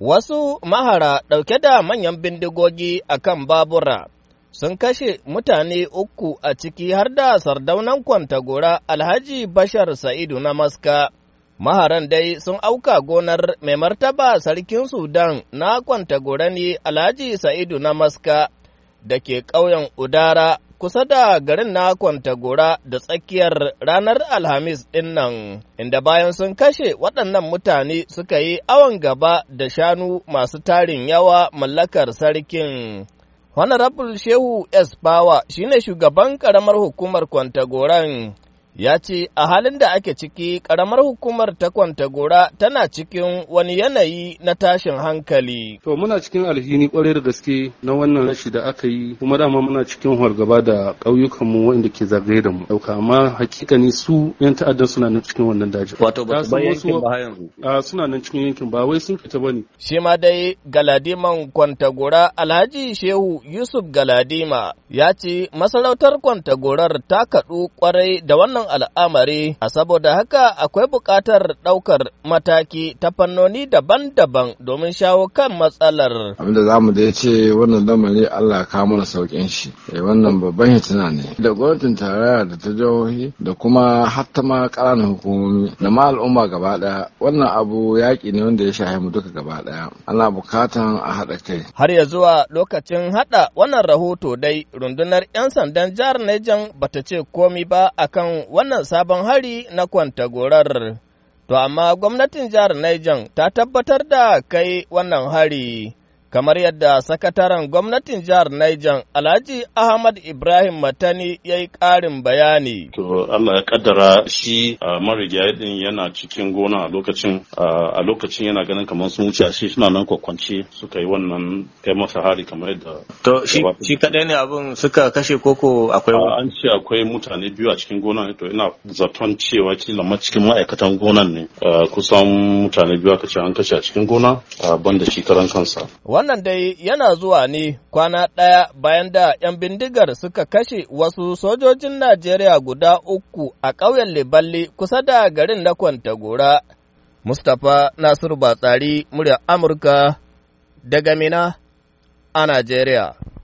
Wasu mahara ɗauke da manyan bindigogi a kan babura sun kashe mutane uku a ciki har da sardaunan kwantagora Alhaji Bashar Sa'idu na Maska. Maharan dai sun auka gonar mai martaba sarkin Sudan na kwantagora ne Alhaji Sa'idu na Maska da ke ƙauyen Udara kusa da garin na Kwantagora da tsakiyar ranar Alhamis ɗin nan, inda bayan sun kashe waɗannan mutane suka yi awon gaba da shanu masu tarin yawa mallakar sarkin. Honorable Shehu S. Bawa shine shugaban ƙaramar hukumar Kwantagoran. ya ce a halin da ake ciki ƙaramar hukumar ta kwantagora tana cikin wani yanayi na tashin hankali. To muna cikin alhini kwarai da gaske na wannan rashi da aka yi kuma dama muna cikin hargaba da ƙauyukanmu waɗanda ke zagaye da mu. Ɗauka amma hakikani su yan ta'addan suna nan cikin wannan dajin. Wato ba su yankin ba yanzu. A suna nan cikin yankin ba wai sun fita ba ne. Shi ma dai Galadiman kwantagora Alhaji Shehu Yusuf Galadima ya ce masarautar kwantagorar ta kaɗu kwarai da wannan wannan al'amari, a saboda haka akwai buƙatar ɗaukar mataki ta fannoni daban-daban domin shawo kan matsalar. Abinda za mu dai ce wannan lamari Allah ka mana sauƙin shi, eh, wannan babban hitina ne. Da gwamnatin tarayya da ta jihohi da kuma hatta ma ƙananan hukumomi da ma al'umma gaba ɗaya wannan abu yaƙi ne wanda ya shahe mu duka gaba ɗaya. Ana buƙatan a haɗa kai. Har ya zuwa lokacin haɗa wannan rahoto dai rundunar 'yan sandan jihar Niger bata ce komi ba akan wannan sabon hari na kwantagorar. To amma gwamnatin jihar Niger ta tabbatar da kai wannan hari kamar yadda sakataren gwamnatin jihar Niger Alhaji Ahmad Ibrahim Matani ya yi ƙarin bayani. To Allah ya kaddara shi a marigayi din yana cikin gona a lokacin a lokacin yana ganin kamar sun wuce shi suna nan kwakwance suka yi wannan kai masa hari kamar yadda. To shi kadai ne abin suka kashe koko akwai wani. An ce akwai mutane biyu a cikin gona to ina zaton cewa kila ma cikin ma'aikatan gonan ne kusan mutane biyu aka ce an kashe a cikin gona ban da shi karan kansa. Wannan dai yana zuwa ne kwana ɗaya bayan da ‘yan bindigar suka kashe wasu sojojin Najeriya guda uku a ƙauyen leballe kusa da garin na Kwantagora. Mustapha Nasiru Batsari, murya Amurka, daga Mina a Najeriya.